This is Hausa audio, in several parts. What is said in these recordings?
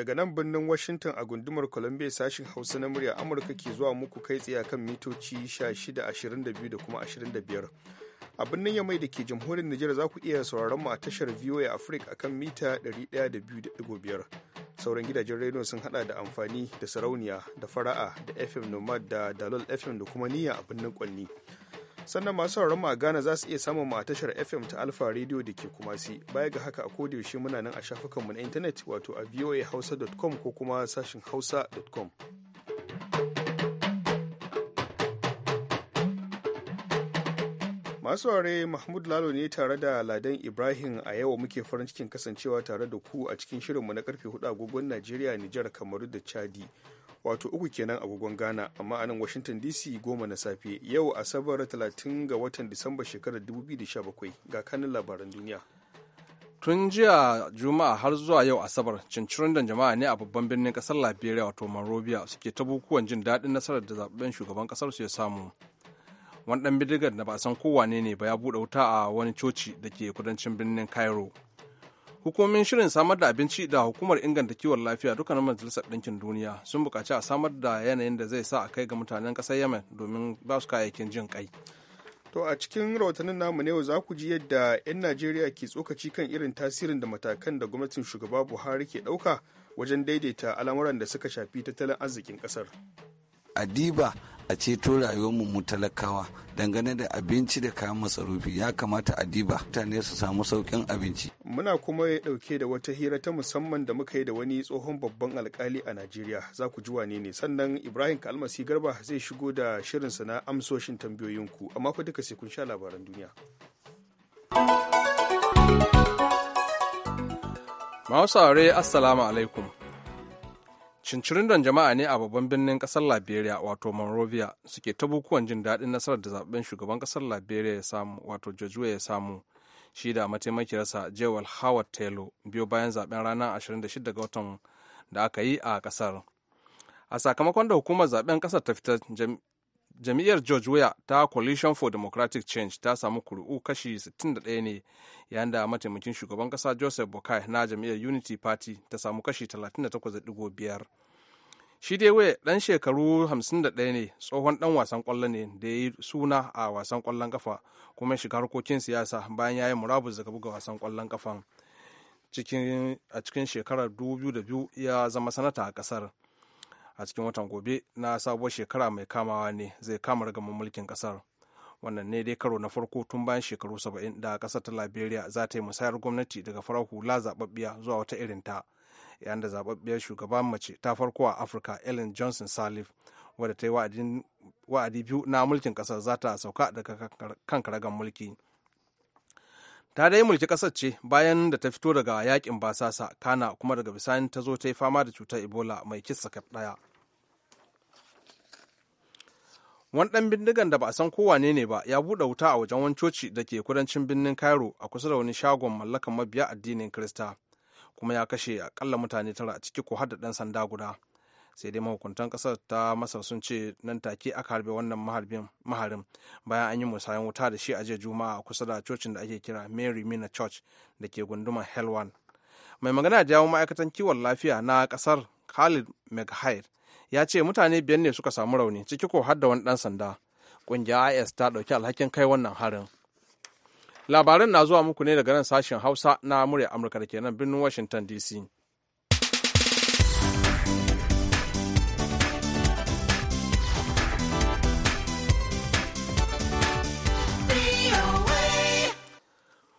daga nan birnin Washington a gundumar Columbia sashin Hausa na murya Amurka ke zuwa muku kai tsaye kan mitoci 1622 da kuma 25. A birnin Yamai da ke jamhuriyar Nijar za ku iya sauraron mu a tashar VOA Africa kan mita 102.5. Sauran gidajen rediyo sun hada da amfani da sarauniya da fara'a da FM Nomad da Dalol FM da kuma niyya a birnin Kwanni. sannan masu sauraron a Ghana za su iya samun mu a tashar FM ta Alpha Radio da ke Kumasi. Baya ga haka a yaushe muna nan a mu na intanet wato a voahausa.com ko kuma sashin hausa.com. Masu ware Mahmud Lalo ne tare da Ladan Ibrahim a yau muke farin cikin kasancewa tare da ku a cikin shirinmu na karfe hudu agogon Najeriya, Nijar, Kamaru da Chadi. wato uku kenan agogon ghana amma a nan washington dc goma na safe yau asabar 30 ga watan disamba shekarar 2017 ga kanin labaran duniya tun jiya juma'a har zuwa yau asabar cincirin jama'a ne a babban birnin kasar liberia wato monrovia suke ta bukuwan jin daɗin nasarar da zaɓen shugaban kasar su ya samu wani ɗan bidigar da ba a san kowane ne ba ya buɗe wuta a wani coci da ke kudancin birnin cairo hukumomin shirin samar da abinci da hukumar inganta kiwon lafiya dukkanin majalisar ɗinkin duniya sun buƙaci a samar da yanayin da zai sa a kai ga mutanen ƙasar yemen domin ba su kayayyakin jin kai to a cikin rahotannin namu ne za ku ji yadda 'yan najeriya ke tsokaci kan irin tasirin da matakan da gwamnatin shugaba buhari ke ɗauka wajen daidaita al'amuran da suka shafi tattalin arzikin ƙasar adiba a ceto rayuwarmu mu talakawa dangane da abinci da kayan masarufi ya kamata a diba mutane su samu sauƙin abinci. Muna kuma ya ɗauke da wata hira ta musamman da muka yi da wani tsohon babban alkali a Najeriya za ku ji wane ne sannan Ibrahim Kalmasi Garba zai shigo da shirinsa na amsoshin tambayoyinku amma fa duka sai kun sha labaran duniya. Ma'ausare Assalamu alaikum. cincirindon jama'a ne a babban birnin kasar liberia wato monrovia suke ta bukuwan jin daɗin nasarar da zaben shugaban kasar liberia ya samu wato jojuwe ya samu shi da mataimakiyarsa jewel howard taylor biyo bayan zaben ranar 26 ga watan da aka yi a kasar a sakamakon da hukumar zaben kasar ta fitar jami'ar george weah ta coalition for democratic change ta samu kuri'u kashi 61 ne yayin da mataimakin shugaban kasa joseph bokai na jami'ar unity party ta samu kashi 38.5 shi dai waye dan shekaru 51 ne tsohon dan wasan kwallo ne da ya yi suna a wasan kwallon kafa kuma shiga harkokin siyasa bayan ya yi murabus daga buga wasan kwallon kafan a cikin shekarar 2002 ya zama sanata a kasar a cikin watan gobe na sabuwar shekara mai kamawa ne zai kama ragaman mulkin kasar wannan ne dai karo na farko tun bayan shekaru 70 da kasar ta liberia za ta yi musayar gwamnati daga farar hula zababbiya zuwa wata irin ta yayin da zababbiyar shugaban mace ta farko a afirka ellen johnson salif wadda ta yi wa'adi biyu na mulkin kasar za ta sauka daga kan karagan mulki ta dai mulki kasar ce bayan da ta fito daga yakin basasa kana kuma daga bisani ta zo ta yi fama da cutar ebola mai kisa kaf daya wani ɗan bindigan da ba a san kowane ne ba ya buɗe wuta a wajen wani coci da ke kudancin birnin cairo a kusa da wani shagon mallakan mabiya addinin kirista. kuma ya kashe akalla mutane tara a ciki ko har da ɗan sanda guda sai dai mahukuntan ƙasar ta masar sun ce nan take aka harbe wannan maharin bayan an yi musayan wuta da shi a jiya juma'a a kusa da cocin da ake kira mary mina church da ke gunduma helwan mai magana da yawon ma'aikatan kiwon lafiya na kasar khalid meghair ya ce mutane biyar ne suka samu rauni ciki ko har da wani ɗan sanda ƙungiyar is ta ɗauki alhakin kai wannan harin labaran na zuwa muku ne daga nan sashen hausa na murya amurka da ke nan birnin washington dc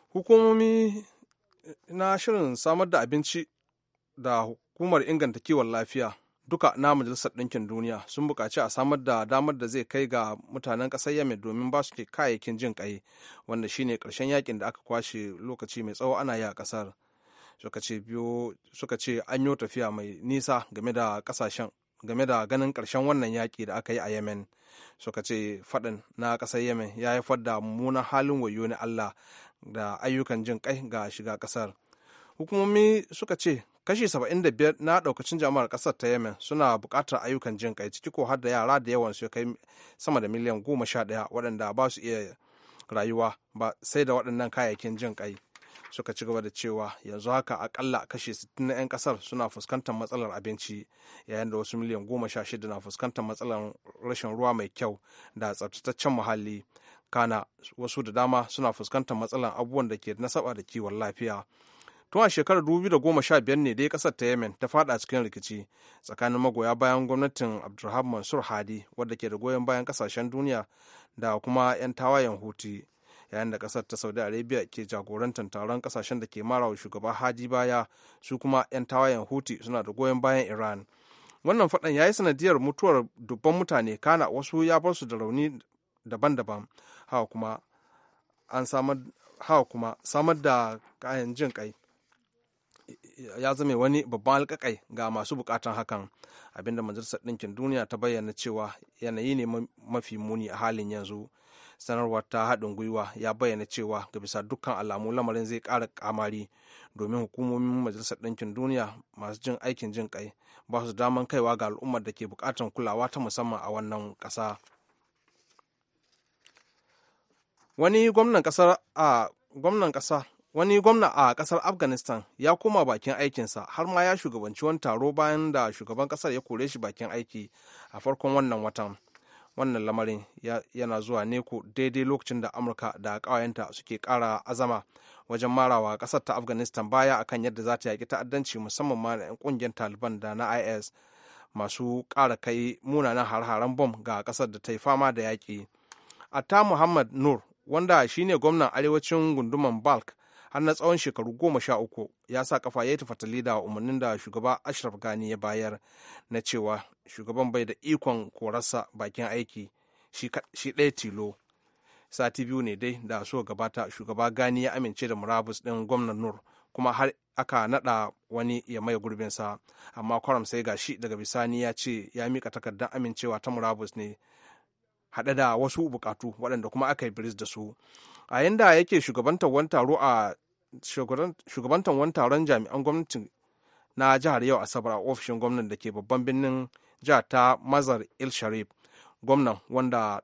hukumomi na shirin samar da abinci da hukumar inganta kiwon lafiya duka na majalisar ɗinkin duniya sun buƙaci a samar da damar da zai kai ga mutanen ƙasar yemen domin ba su kayayyakin jin ƙai wanda shine ƙarshen yakin da aka kwashe lokaci mai tsawo ana yi a ƙasar suka ce an yi tafiya mai nisa game da ƙasashen game da ganin ƙarshen wannan yaƙi da aka yi a yamen suka ce faɗin na ƙasar yamen ya haifar da mummunan halin wayo na allah da ayyukan jin ƙai ga shiga ƙasar hukumomi suka ce kashi 75 na daukacin jama'ar kasar ta yemen suna bukatar ayyukan jin kai ciki ko har da yara da yawan su kai sama da miliyan 11 sha waɗanda ba su iya rayuwa ba sai da waɗannan kayayyakin jin kai suka ci gaba da cewa yanzu haka akalla kashi 60 na 'yan kasar suna fuskantar matsalar abinci yayin da wasu miliyan 16 na fuskantar matsalar rashin ruwa mai kyau da tsabtataccen muhalli kana wasu da dama suna fuskantar matsalar abubuwan da ke nasaba da kiwon lafiya tun a shekarar 2015 ne dai kasar ta yemen ta fada cikin rikici tsakanin magoya bayan gwamnatin abdulrahman mansur hadi wadda ke da goyon bayan kasashen duniya da kuma 'yan tawayen huti yayin da kasar ta saudi arabia ke jagorantar taron kasashen da ke marawa shugaba hadi baya su kuma 'yan tawayen huti suna da goyon bayan iran wannan faɗan ya yi sanadiyar mutuwar dubban mutane kana wasu ya bar su da rauni daban-daban hawa kuma samar da kayan jin kai ya zame wani babban alƙaƙai ga masu bukatan hakan abinda majalisar ɗinkin duniya ta bayyana cewa yanayi ne mafi muni a halin yanzu sanarwar ta haɗin gwiwa ya bayyana cewa ga bisa dukkan alamu lamarin zai ƙara kamari domin hukumomin majalisar ɗinkin duniya masu jin aikin jin kai ba su daman kaiwa ga al'ummar da ke buƙatar kulawa ta musamman a wannan ƙasa wani gwamnan gwamnan ƙasa wani gwamna a kasar afghanistan ya koma bakin aikinsa har ma ya shugabanci wani taro bayan da shugaban kasar ya kore shi bakin aiki a farkon wannan watan wannan lamarin yana zuwa ne ko daidai lokacin da amurka da kawayenta suke kara azama wajen marawa ƙasar ta afghanistan baya akan yadda za ta yaƙi ta'addanci musamman ma da 'yan ƙungiyar taliban da na is masu kara kai munanan har-haren bom ga ƙasar da ta yi fama da yaƙi atta muhammad nur wanda shine gwamnan arewacin gunduman balk har na tsawon shekaru goma sha uku ya sa kafa ya yi tafatali da umarnin da shugaba ashraf gani ya bayar na cewa shugaban bai da ikon korarsa bakin aiki shi ɗaya tilo sati biyu ne dai da so gabata shugaba gani ya amince da murabus ɗin gwamnan nur kuma har aka nada wani ya maye gurbinsa amma kwaram sai ga shi daga bisani ya ce ya mika takardar amincewa ta murabus ne haɗe da wasu bukatu waɗanda kuma aka yi biris da su a yanda yake shugabantar wani taron jami'an gwamnati na jihar yau asabar a ofishin gwamnan da ke babban birnin jihar ta mazar il sharif gwamnan wanda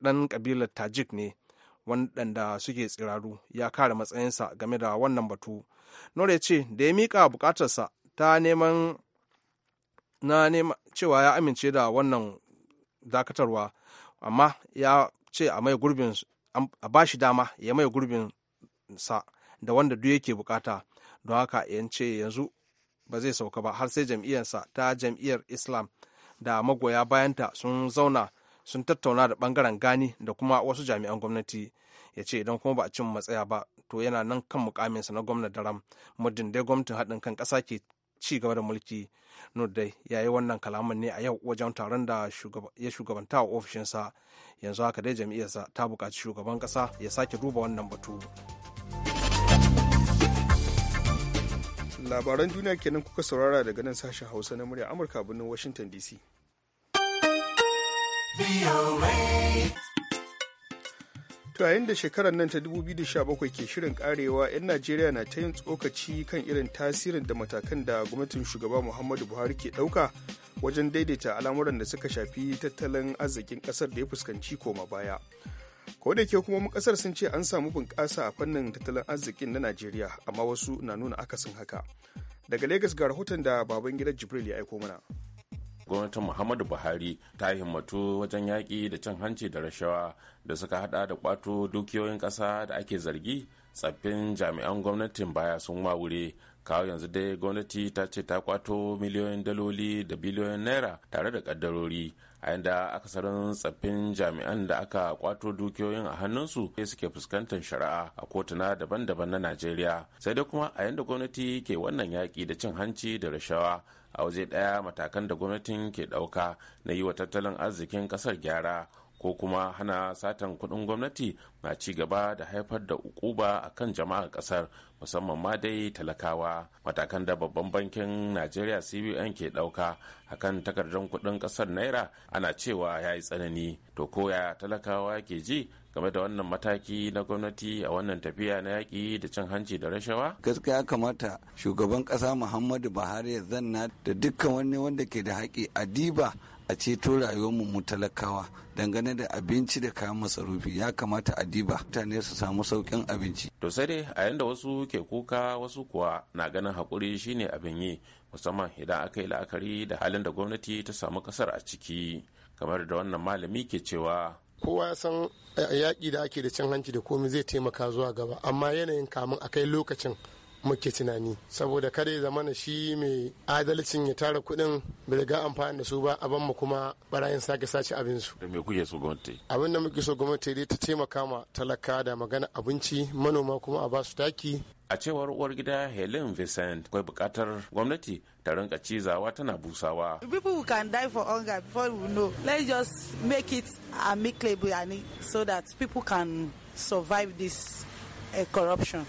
dan kabilar tajik ne wadanda suke tsiraru ya kare matsayinsa game da wannan batu nore ya ce da ya miƙa bukatarsa ta neman na neman cewa ya amince da wannan dakatarwa amma ya ce a mai gurbin a ba shi dama ya maye gurbin sa da wanda duk yake bukata don haka yance yanzu ba zai sauka ba har sai jam'iyyarsa ta jam'iyyar islam da magoya bayanta sun zauna sun tattauna da bangaren gani da kuma wasu jami'an gwamnati ya ce idan kuma ba a cin matsaya ba to yana nan kan mukaminsa na gwamna daram muddin dai gwamnatin haɗin kan ƙasa ke ci gaba da mulki nur dai ya yi wannan kalaman ne a yau wajen taron da ya shugabanta a ofishinsa yanzu haka dai jam'iyyarsa ta buƙaci shugaban ƙasa ya sake duba wannan batu labaran duniya kenan kuka saurara daga nan sashen hausa na murya amurka birnin washington dc To yayin da shekarar nan ta 2017 ke shirin karewa 'yan Najeriya na ta yin tsokaci kan irin tasirin da matakan da gwamnatin shugaba Muhammadu Buhari ke ɗauka wajen daidaita al'amuran da suka shafi tattalin arzikin ƙasar da ya fuskanci koma baya. Ko da ke kuma ƙasar sun ce an samu bunƙasa a fannin tattalin arzikin na Najeriya amma wasu na nuna akasin haka. Daga Legas ga rahoton da baban gidan Jibril ya aiko mana. gwamnatin muhammadu buhari ta himmatu wajen yaƙi da cin hanci da rashawa da suka hada da kwato dukiyoyin ƙasa da ake zargi tsaffin jami'an gwamnatin baya sun wawure kawo yanzu dai gwamnati ta ce ta kwato miliyoyin daloli da biliyoyin naira tare da ƙaddarori a yadda akasarin tsaffin jami'an da aka kwato dukiyoyin a hannunsu sai suke fuskantar shari'a a kotuna daban-daban na najeriya sai dai kuma a yadda gwamnati ke wannan yaƙi da cin hanci da rashawa a waje ɗaya matakan da gwamnatin ke ɗauka na yi wa tattalin arzikin ƙasar gyara ko kuma hana satan kuɗin gwamnati na ci gaba da haifar da ukuba a kan jama'ar ƙasar musamman ma dai talakawa matakan da babban bankin najeriya cbn ke ɗauka akan takardar kuɗin ƙasar naira ana cewa ya yi tsanani to koya talakawa ke ji game da wannan mataki na gwamnati a wannan tafiya na yaƙi da cin hanci da rashawa? Gaskiya kamata shugaban ƙasa Muhammadu Buhari ya zanna da dukkan wani wanda ke da haƙi a diba a ceto rayuwarmu mu talakawa dangane da abinci da kayan masarufi ya kamata a diba mutane su samu sauƙin abinci. To sai dai a yanda wasu ke kuka wasu kuwa na ganin haƙuri shine abin yi musamman idan aka yi la'akari da halin da gwamnati ta samu ƙasar a ciki kamar da wannan malami ke cewa. Kowa ya san eh, yaƙi da ake da cin hanci da komai zai taimaka zuwa gaba amma yanayin kamun a kai lokacin muke tunani saboda kada ya zamana shi mai adalcin ya tara kuɗin bai riga amfani da su ba a mu kuma barayin sake sace abin su me kuke so gwamnati abin da muke so gwamnati dai ta taimaka ma talaka da magana abinci manoma kuma a basu taki a cewar uwar gida helen vincent akwai bukatar gwamnati ta rinka cizawa tana busawa people can die for hunger before we know let's just make it amicable so that people can survive this eh, corruption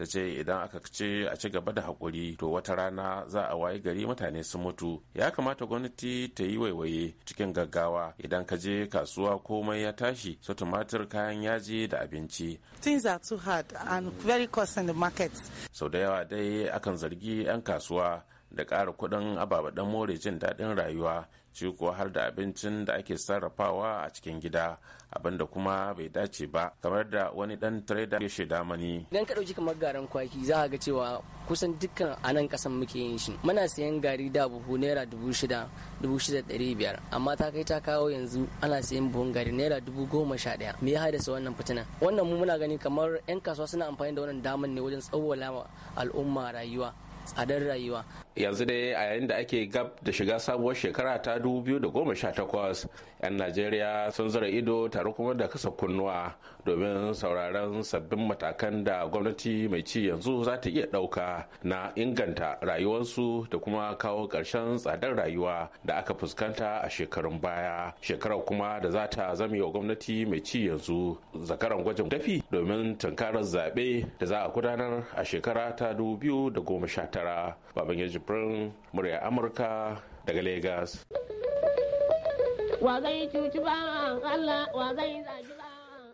ta ce idan aka ce a ci gaba da hakuri to wata rana za a waye gari mutane su mutu ya kamata gwamnati ta yi waiwaye cikin gaggawa idan ka je kasuwa komai ya tashi su tumatir kayan yaji da abinci things are too hard and very cost in the market sau da yawa dai akan zargi 'yan kasuwa da ƙara kuɗin ababen more jin daɗin rayuwa ciki kuwa har da abincin da ake sarrafawa a cikin gida abinda kuma bai dace ba kamar da wani dan trader ya shaida mani idan ka dauki kamar garin kwaki za ka ga cewa kusan dukkan a nan kasan muke yin shi muna sayan gari da buhu naira dubu shida dubu shida dari biyar amma ta kai ta kawo yanzu ana sayan buhun gari naira dubu goma sha daya me ya haddasa wannan fitina wannan mu muna gani kamar yan kasuwa suna amfani da wannan daman ne wajen tsawwala al'umma rayuwa tsadar rayuwa yanzu dai a yayin da ake gab da shiga sabuwar shekara ta 2018 'yan najeriya sun zura ido tare kuma da kasa kunnuwa domin sauraron sabbin matakan da gwamnati mai ci yanzu za ta iya ɗauka na inganta rayuwarsu da kuma kawo ƙarshen tsadar rayuwa da aka fuskanta a shekarun baya shekarar kuma da za ta zame wa gwamnati mai ci yanzu zakaran gwajin tafi domin tunkarar zaɓe da za a gudanar a shekara ta 2019 baban jibrin murya amurka daga legas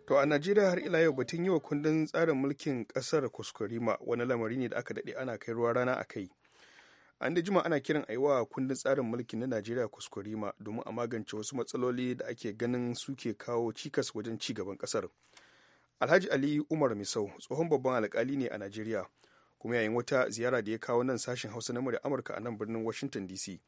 To a Najeriya har ila yau batun yi wa kundin tsarin mulkin kasar kuskurima wani lamari ne da aka daɗe ana kai ruwa rana a kai. An da jima ana kiran aiwa kundin tsarin mulkin na Najeriya kuskurima domin a magance wasu matsaloli da ake ganin suke kawo cikas wajen ci gaban kasar. Alhaji Ali Umar Misau tsohon babban alkali ne a Najeriya kuma yayin wata ziyara da ya kawo nan sashen hausa na murya amurka a nan birnin washington dc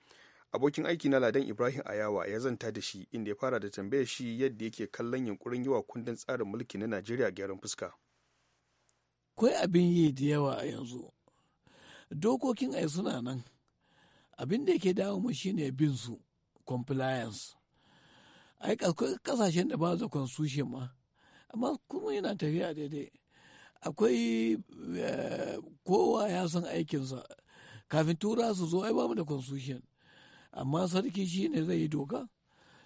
abokin aiki na ladan ibrahim ayawa ya zanta da shi inda ya fara da tambaya shi yadda yake kallon yunkurin yi wa kundin tsarin mulki na najeriya gyaran fuska akwai abin yi da yawa a yanzu dokokin ai suna nan abin da yake dawo mu shine bin su compliance ai kasashen da ba su constitution ma amma kuma yana tafiya daidai akwai eh, kowa ya san aikinsa kafin tura su zo ai mu da constitution amma sarki shi ne zai yi doka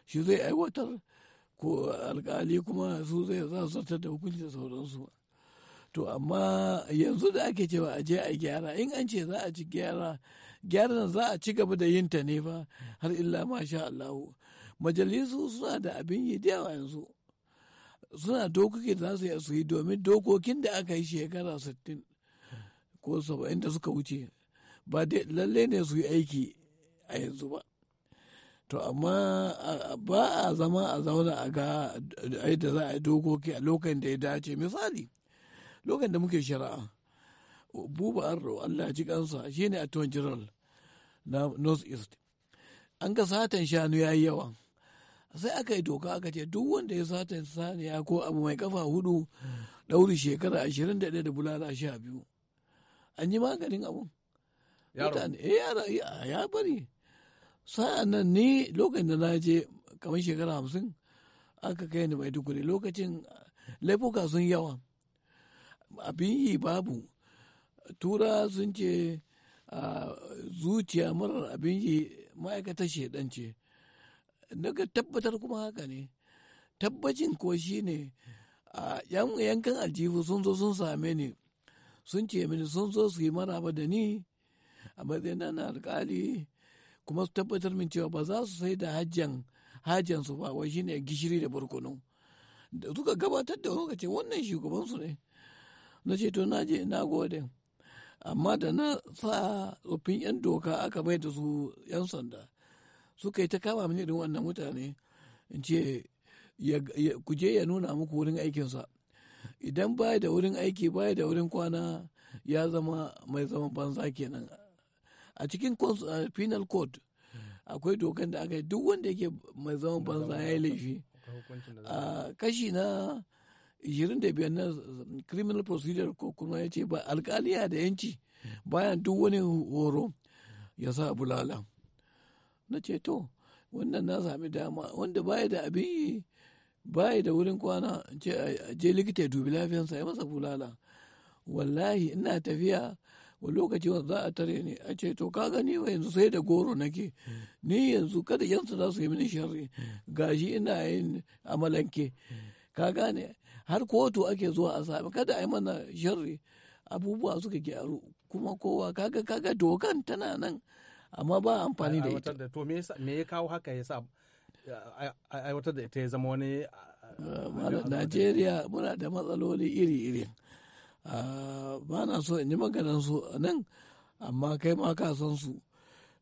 shi zai aiwatar ko alkali kuma su zai za su da hukunci da sauransu to amma yanzu da ake cewa a je a gyara in an ce za a ci gyara gyaran za a ci gaba da yin ta ne ba har illa masha Allah majalisu suna da abin yi da yawa yanzu suna dokoki da za su yi domin dokokin da aka yi shekara 60 ko 70 da suka wuce ba dai-dai lalle ne su yi aiki a yanzu ba to amma ba a zama a zauna a ga da za a yi dokoki a lokacin da ya dace misali lokacin da muke shari'a buba arro allah ji kansa shine a general na north east an ga satan shanu yayi yi yawa sai aka yi doka aka ce duk wanda ya sata saniya ko abu mai kafa hudu ɗauri shekara ashirin da da bulala sha biyu an yi maganin abun mutane eh, ya bari sa'an nan ni lokacin da na je kamar shekara hamsin aka kai ni mai maiduguri lokacin laifuka sun yawa abin yi babu tura sun ce ah, zuciya marar abin yi ma'aikatar shedan ce daga tabbatar kuma haka ne tabbacin ko shi ne a yankan aljihu sun zo sun same ni sun ce mini sun zo su yi maraba da ni a matsayin na alkali kuma su tabbatar min cewa ba za su sai da hajjan su ba wai shine gishiri da barkono da suka gabatar da suka ce wannan shugabansu ne na ce to na je na gode amma da na sa tsoffin 'yan doka aka bai da su 'yan sanda suka yi ta kama mini irin wannan mutane in ce ku je ya nuna muku wurin aikinsa idan baya da wurin aiki baya da wurin kwana ya zama mai zaman banza kenan a cikin penal code akwai dokan da aka yi duk wanda yake mai zama banza ya yi laifi a kashi na 25 na criminal procedure ko kuma ya ce ba alkaliya da yanci bayan duk wani horo ya sa bulala na ce to wannan na sami dama wanda baya da abin yi baya da wurin kwana je likita ya dubi lafiyansa ya masa bulala wallahi ina tafiya wa lokaci wanda za a tare ni a ce to ka gani wa yanzu sai da goro nake ni yanzu kada yansu za su yi mini sharri gashi ina yin amalanke ka gane har kotu ake zuwa a sami kada a yi mana sharri abubuwa suka gyaru kuma kowa kaga kaga dokan tana nan amma ba amfani da ita to me ya kawo haka ya sa aiwatar da ita ya zama wani ah, Najeriya muna da matsaloli iri-iri ah, ba na so in yi maganan su nan amma kai ma ka san su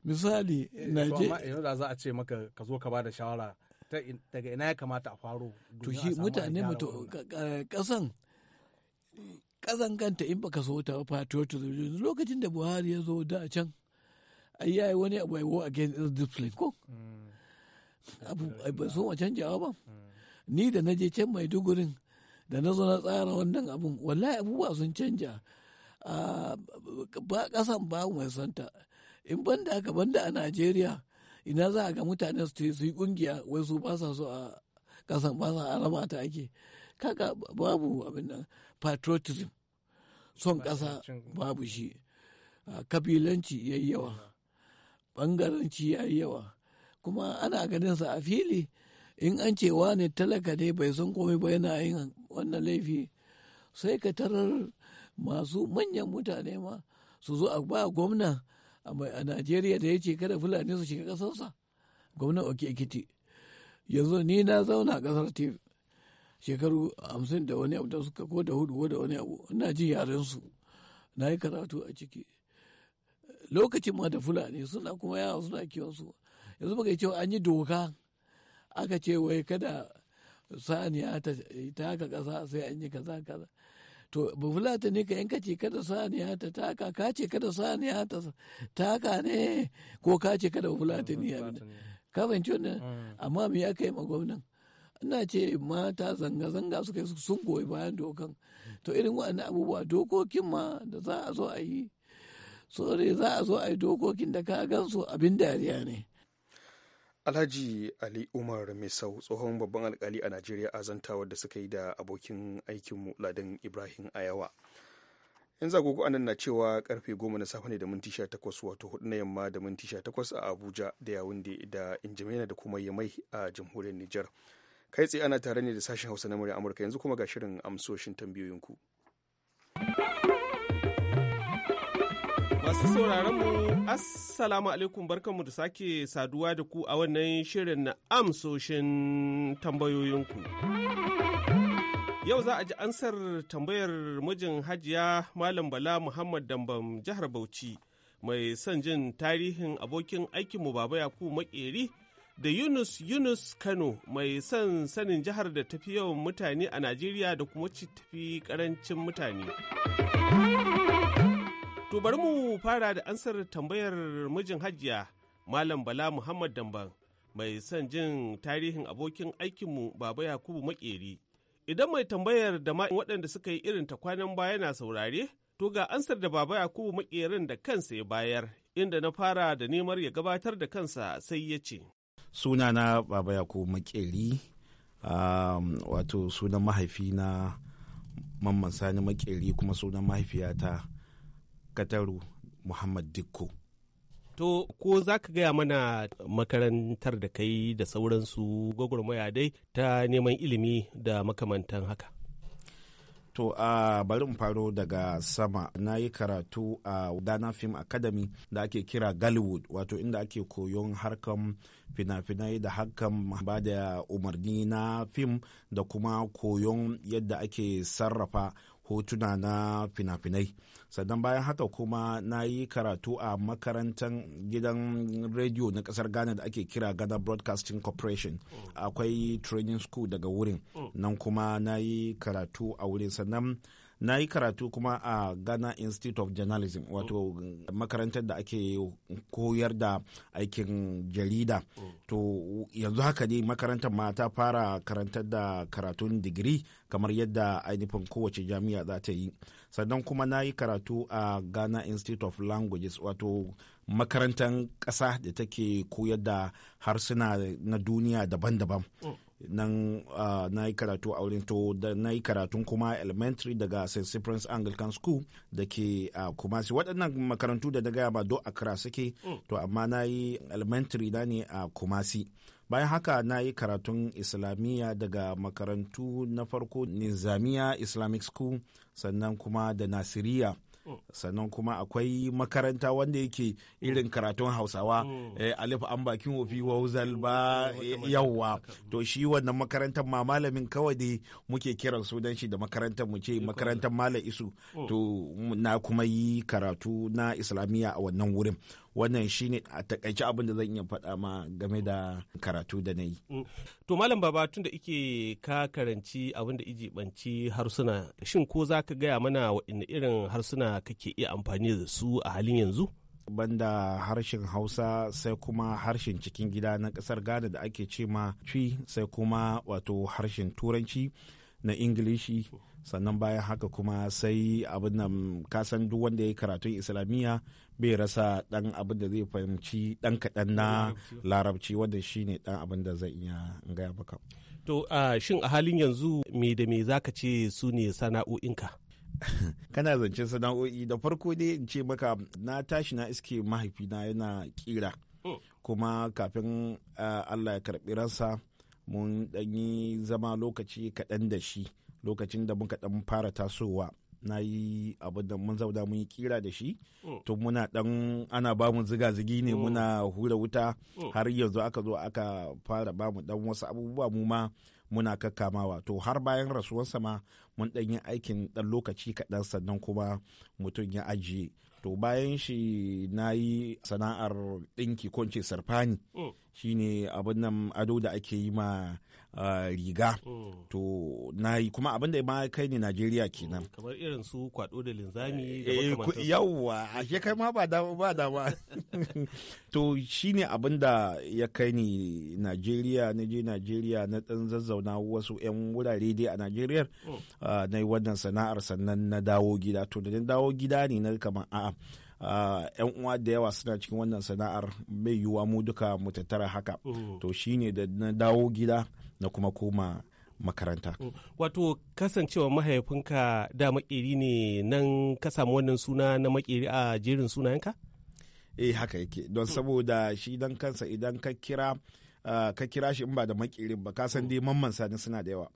misali eh, Najeriya da za a ce maka ka zo ka ba da shawara daga ina ya kamata a faro to shi mutane mutu kasan kasan kanta in baka so ta patriotism lokacin da Buhari ya zo da can ai yi wani abu mm. ai war against discipline ko abu ba so a canjawa ba mm. ni da na je can maidugurin da na zo na tsara wannan abun wallahi abubuwa sun canja ah, ba kasan ba mai santa in banda haka banda a najeriya ina za a ga mutane su yi kungiya wai su ba sa so a kasan ba sa araba ta ake kaka babu abin nan patriotism son kasa babu shi ah, kabilanci yayi yawa mm. bangaranci ya yi yawa kuma ana ganin sa a fili in an ce ne talaka ne bai san komai ba yana yin wannan laifi sai ka tarar masu manyan mutane ma su zo a ba gwamna a najeriya da ya ce kada fulani su shiga ƙasarsa gwamna oke ekiti yanzu ni na zauna a ƙasar tiv shekaru hamsin da wani abu da suka ko da hudu ko da wani abu ina ji yarensu na yi karatu a ciki lokacin ma da fulani suna kuma yawa suna kiwon su yanzu baka cewa an yi doka aka ce wai kada saniya ta taka kasa sai an yi kaza kaza to ba fulata ne ka yanka ce kada saniya ta taka ka ce kada saniya ta taka ne ko ka ce kada fulata ne ka ce wannan mm. amma me aka yi ma gwamnan ina ce mata zanga-zanga suka sun goyi bayan dokan to irin waɗannan abubuwa dokokin ma da za a zo a yi so za a zo a yi dokokin da ka gansu abin dariya ne alhaji ali umar misau tsohon babban alkali a najeriya a zantawar da suka yi da abokin aikinmu ladan ibrahim ayawa yan zagogo anan na cewa karfe goma na safe ne da minti sha takwas wato hudu na yamma da minti sha takwas a abuja da yawun da injimena da kuma yamai a jamhuriyar nijar kai tsaye ana tare ne da sashen hausa na murya amurka yanzu kuma ga shirin amsoshin tambayoyinku. Masu sauraron mu Assalamu alaikum barkanmu da sake saduwa da ku a wannan shirin na amsoshin tambayoyinku. Yau za a ji ansar tambayar mijin hajiya Malam Bala Muhammad Dambam jihar Bauchi mai son jin tarihin abokin aikinmu Baba Yaku Makeri da Yunus Yunus Kano mai son sanin jihar da tafi yawan mutane a Najeriya da kuma tafi karancin mutane. To bari mu fara da ansar tambayar mijin hajiya Malam Bala Muhammad Damban mai son jin tarihin abokin aikinmu Baba Yakubu Makeri. Idan mai tambayar da ma waɗanda suka yi irin ta kwanan baya na saurare, to ga ansar da Baba Yakubu Makerin da kansa ya bayar, inda na fara da nemar ya gabatar da kansa sai ya ce. Sunana Baba Yakubu Makeri, um, wato sunan mahaifina Mamman Sani Makeri kuma sunan mahaifiyata. Kataru Muhammad Dikko. To, ko za ka gaya mana makarantar da kai da sauransu gwagwarmaya dai ta neman ilimi da makamantan haka? To, a bari mu faro daga sama na yi karatu a Ghana Film Academy da ake kira Gallywood, wato inda ake koyon harkan fina-finai da harkan ba da umarni na fim da kuma koyon yadda ake sarrafa hotuna na fina-finai sannan bayan haka kuma na yi karatu a makarantar gidan rediyo na kasar ghana da ake kira ghana broadcasting corporation akwai training school daga wurin mm. nan kuma na yi karatu a wurin sannan na yi karatu kuma a ghana institute of journalism oh. wato mm, makarantar da ake koyar da aikin jarida oh. to yanzu haka ne makarantar ma ta fara karantar da karatun digiri kamar yadda ainihin kowace jami'a za ta yi sannan kuma na yi karatu a ghana institute of languages wato makarantar ƙasa da take koyar da harsuna na duniya daban-daban oh. nan na yi karatu a wurin to na yi karatun kuma elementary daga st cyprian's anglican school da ke a kumasi waɗannan makarantu da na gaya ba do accra suke mm. to amma na yi elementary na ne a kumasi bayan haka na yi karatun islamiyya daga makarantu na farko nizamiya islamic school sannan kuma da nasiriya sannan kuma akwai makaranta wanda yake irin karatun hausawa mm. eh, alif an bakin wofi mm. wauzal ba mm, eh, yawwa to shi wannan makarantar ma malamin kawai dai muke kiran sunan shi da makarantar mu ce makarantar mala isu to na kuma yi karatu na islamiyya a wannan wurin wannan shi ne a takaice abin da zan iya faɗa ma game da karatu da na yi. Mm. to malam baba tun da ike ka karanci abin da ijibanci harsuna shin ko za ka gaya mana waɗanne irin harsuna kake iya amfani da su a halin yanzu? banda harshen hausa sai kuma harshen cikin gida na kasar ghana da ake ce ma sai kuma wato harshen turanci na ingilishi sannan bayan haka kuma sai abin nan kasan duk wanda ya yi karatun islamiyya bai rasa dan abin da zai fahimci dan kaɗan na larabci wanda shi ne dan abin da zai iya gaya baka. to shin a halin yanzu me da me za ka ce su ne sana'o'inka kana zance sana'o'i da farko dai in ce maka na tashi na iske mahaifina yana kira oh. kuma kafin allah ya karɓi ransa mun ɗanyi zama lokaci kaɗan da shi lokacin da muka dan fara tasowa na yi abu da mun zauna mun yi kira da shi oh. tun muna dan ana ba mu ziga-zigi ne oh. muna hura wuta oh. har yanzu aka zo aka fara ba mu dan wasu abubuwa mu ma muna kakkamawa to har bayan rasuwarsa ma mun dan yi aikin dan lokaci kaɗan sannan kuma mutum ya ajiye to bayan shi na yi sana'ar ɗinki ko ce sarfani shine abin nan ado da ake yi ma riga mm. to na yi kuma abin da ma kai ni najeriya kenan mm, kamar irin su kwado da linzami eh, eh, yawwa a kai ma ba dama ba dama to shine abin da ya kai ni najeriya na je najeriya na dan zazzauna wasu yan wurare dai a najeriya mm. na yi wannan sana'ar sannan na dawo gida to da na dawo gida ne na kamar a'a yan uwa da yawa suna cikin wannan sana'ar mai yiwuwa mu duka mu tattara haka to shine da na dawo gida na kuma koma makaranta. Wato kasancewa mahaifinka da makeri ne nan ka samu wannan suna na makeri a jerin sunayenka? Eh haka yake don saboda shi dan kansa idan ka kira Ah, ka kira shi in ba da makirin ba ka san dai mamman sani suna da yawa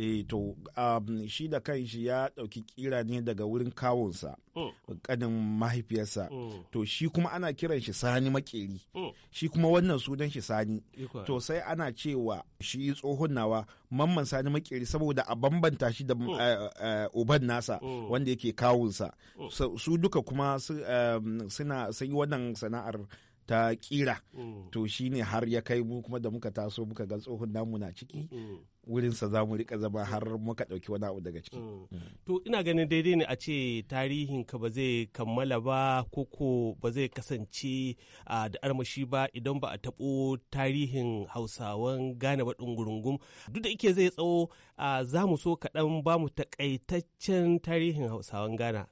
eh to um, shi da kan shi ya dauki kira ne daga wurin kawunsa kanin mahaifiyarsa to shi kuma ana kiran shi sani makeri shi kuma wannan sunan shi sani to sai ana cewa shi tsohon nawa mamman sani makeri saboda a bambanta shi da eh, eh, uban nasa wanda yake kawunsa su duka kuma um, suna sun wannan sana'ar ta kira mm. to shine har ya kai mu kuma da muka taso muka ga tsohon namu na ciki mm. wurinsa za mu rika zama har muka ɗauki wani abu daga ciki. Mm. To ina ganin daidai ne a ce tarihin ka ba zai kammala ba koko ba zai kasance da armashi ba idan ba a taɓo tarihin hausawan gane ba ɗungurungum duk da ike zai tsawo za mu so kaɗan ba mu takaitaccen tarihin hausawan gana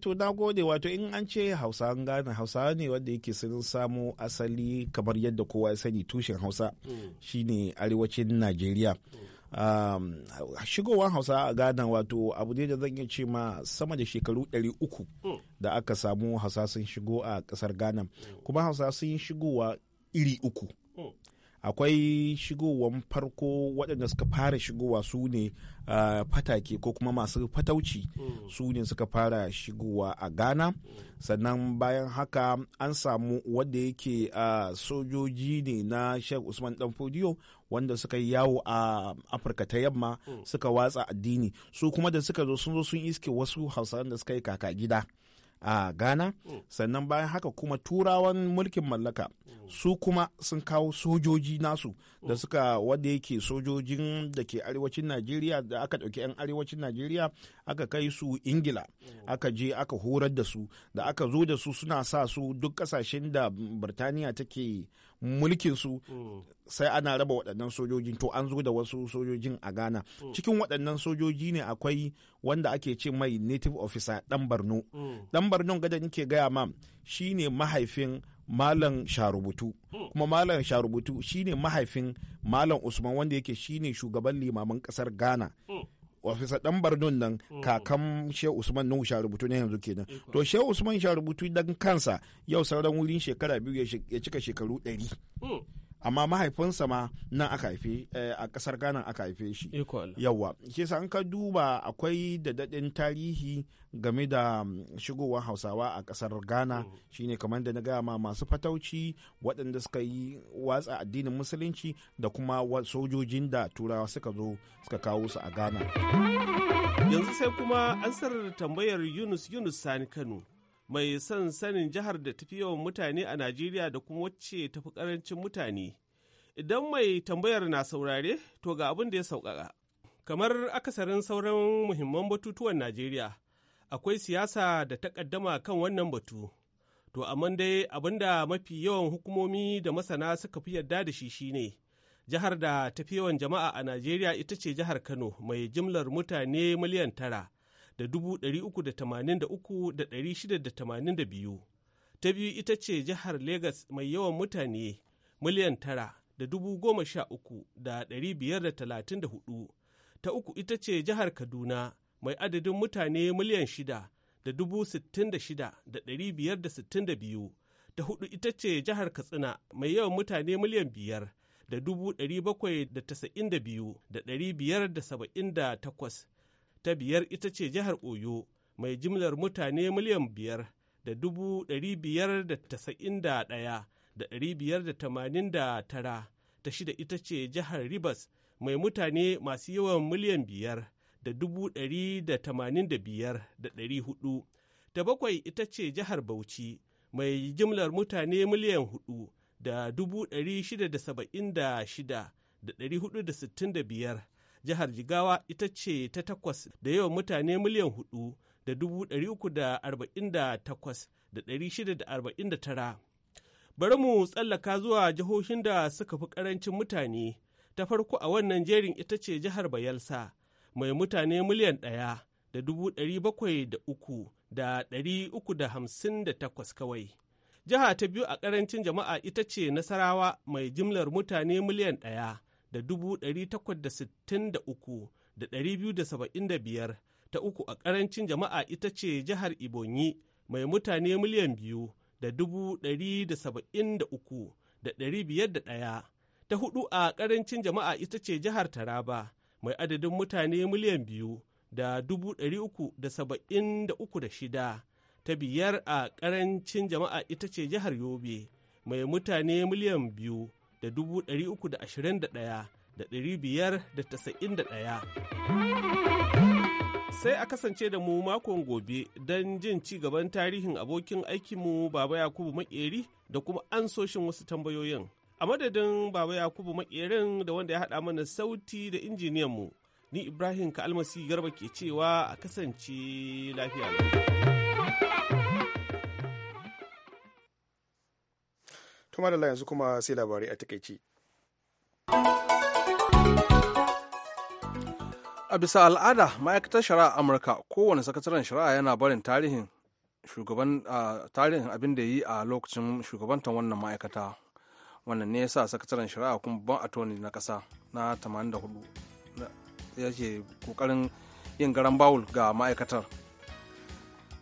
to na gode wato in an ce hausawan gane hausa ne wanda yake sun samo asali kamar yadda kowa ya sani tushen hausa shine arewacin najeriya um, shigowar hausa a ghana wato abu ne da zan iya ce ma sama da shekaru 300 da aka samu hausa sun shigo a kasar ghana kuma hausa sun shigowa iri uku akwai shigowar farko waɗanda suka fara shigowa su ne fatake ko kuma masu fatauci mm. su ne suka fara shigowa a ghana sannan bayan haka an samu wadda yake sojoji ne na shek usman fodiyo wanda suka yi yawo a afirka ta yamma mm. suka watsa addini su kuma da suka zo sun zo sun iske wasu hausawan da suka yi kaka gida a ghana sannan bayan haka kuma turawan mulkin mallaka su kuma sun kawo sojoji nasu da suka wadda yake sojojin da ke arewacin najeriya da aka ɗauki 'yan arewacin najeriya aka kai su ingila aka je aka horar da su da aka zo da su suna sa su duk ƙasashen da birtaniya take su mm. sai ana raba waɗannan sojoji to an zo da wasu sojojin a ghana mm. cikin waɗannan sojoji ne akwai wanda ake ce mai native officer dan barno mm. dan barno gada nake gaya ma shine mahaifin malam sharubutu kuma malam sharubutu shine mahaifin malam usman wanda yake shine shugaban limamin ƙasar ghana ofisa dan bardon nan mm. kakan shehu usman nuhu sha rubutu na yanzu kenan mm. to shehu usman sha rubutu dan kansa yau sauran wurin shekara biyu ya cika shekaru ɗari mm. amma mahaifinsa ma nan aka haife eh, a kasar ghana aka haife shi yawa shi sa ka duba akwai da daɗin tarihi game da mm, shigowar hausawa a kasar ghana mm. shine kamar da na gaya ma masu fatauci waɗanda suka yi watsa addinin musulunci da kuma sojojin da turawa suka zo suka kawo su a ghana yanzu sai kuma an da tambayar yunus yunus sani kano mai son sanin jihar da tafi yawan mutane a Najeriya da kuma wacce tafi karancin mutane. Idan mai tambayar na saurare, to ga abin da ya sauƙaƙa. Kamar akasarin sauran muhimman batutuwan Najeriya, akwai siyasa da ta ƙaddama kan wannan batu. To, amma dai abin da mafi yawan hukumomi da masana suka fi yarda da shi shine. Jihar da tafi yawan jama'a a Najeriya ita ce jihar Kano mai jimlar mutane miliyan tara. da biyu ta biyu ita ce jihar Legas mai yawan mutane miliyan tara da dubu goma sha uku da ɗari biyar da talatin da hudu ta uku ita ce jihar kaduna mai adadin mutane miliyan shida da dubu sittin da shida da ɗari biyar da sittin da biyu ta hudu ita ce jihar katsina mai yawan mutane miliyan biyar da dubu ɗari bakwai da tasa'in da biyu da ɗari biyar da saba'in da takwas ta biyar ita ce jihar oyo mai jimlar mutane miliyan biyar da dubu ɗari biyar da tasa'in da ɗaya da ɗari biyar da tamanin da tara ta shida ita ce jihar ribas mai mutane masu yawan miliyan biyar da dubu ɗari da tamanin da biyar da ɗari hudu ta bakwai ita ce jihar bauchi mai jimlar mutane miliyan hudu da dubu ɗari shida da saba'in da shida da ɗari hudu da sittin da biyar jihar jigawa ita ce ta takwas da yawan mutane miliyan hudu da dubu ɗari uku da arba'in da takwas da ɗari shida da arba'in da tara bari mu tsallaka zuwa jihohin da suka fi ƙarancin mutane ta farko a wannan jerin ita ce jihar bayelsa mai mutane miliyan ɗaya da dubu ɗari bakwai da uku da ɗari uku da hamsin da takwas kawai jiha ta biyu a ƙarancin jama'a ita ce nasarawa mai jimlar mutane miliyan ɗaya da 863,275 ta uku a ƙarancin jama'a ita ce jihar Ibonyi mai mutane miliyan biyu da dubu ɗari da saba'in da uku da ɗari biyar da ɗaya. Ta hudu a ƙarancin jama'a ita ce jihar Taraba mai adadin mutane miliyan biyu da dubu ɗari uku da saba'in da uku da shida. Ta biyar a ƙarancin jama'a ita ce jihar Yobe mai mutane miliyan biyu da da 321,591. Sai a kasance da mu makon gobe don jin ci gaban tarihin abokin aikinmu Baba Yakubu Makeri da kuma ansoshin wasu tambayoyin. A madadin Baba Yakubu Makerin da wanda ya haɗa mana sauti da injiniyanmu, ni Ibrahim ka almasi Garba ke cewa a kasance lafiya. kuma da yanzu kuma sai labarai a takaice a bisa al'ada ma'aikatar shari'a amurka kowane sakataren shari'a yana barin tarihin shugaban tarihin abin da yi a lokacin shugabantar wannan ma'aikata wannan ne yasa sakataren shari'a kuma ban atoni na kasa na 84 ya ce kokarin yin garan bawul ga ma'aikatar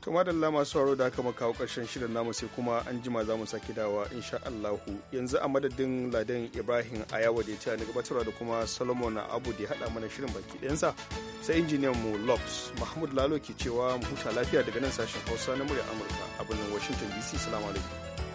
kuma da lama masu sauraro da aka makawo karshen shirin namu sai kuma an jima za mu sake dawa insha Allahu yanzu a madadin Ladan Ibrahim Ayawa da ya na gabatarwa da kuma Solomon Abu da ya mana shirin baki ɗayansa sai injiniyan mu Lobs Mahmud Lalo ke cewa mu huta lafiya daga nan sashen Hausa na murya Amurka a birnin Washington DC. Salamu alaikum.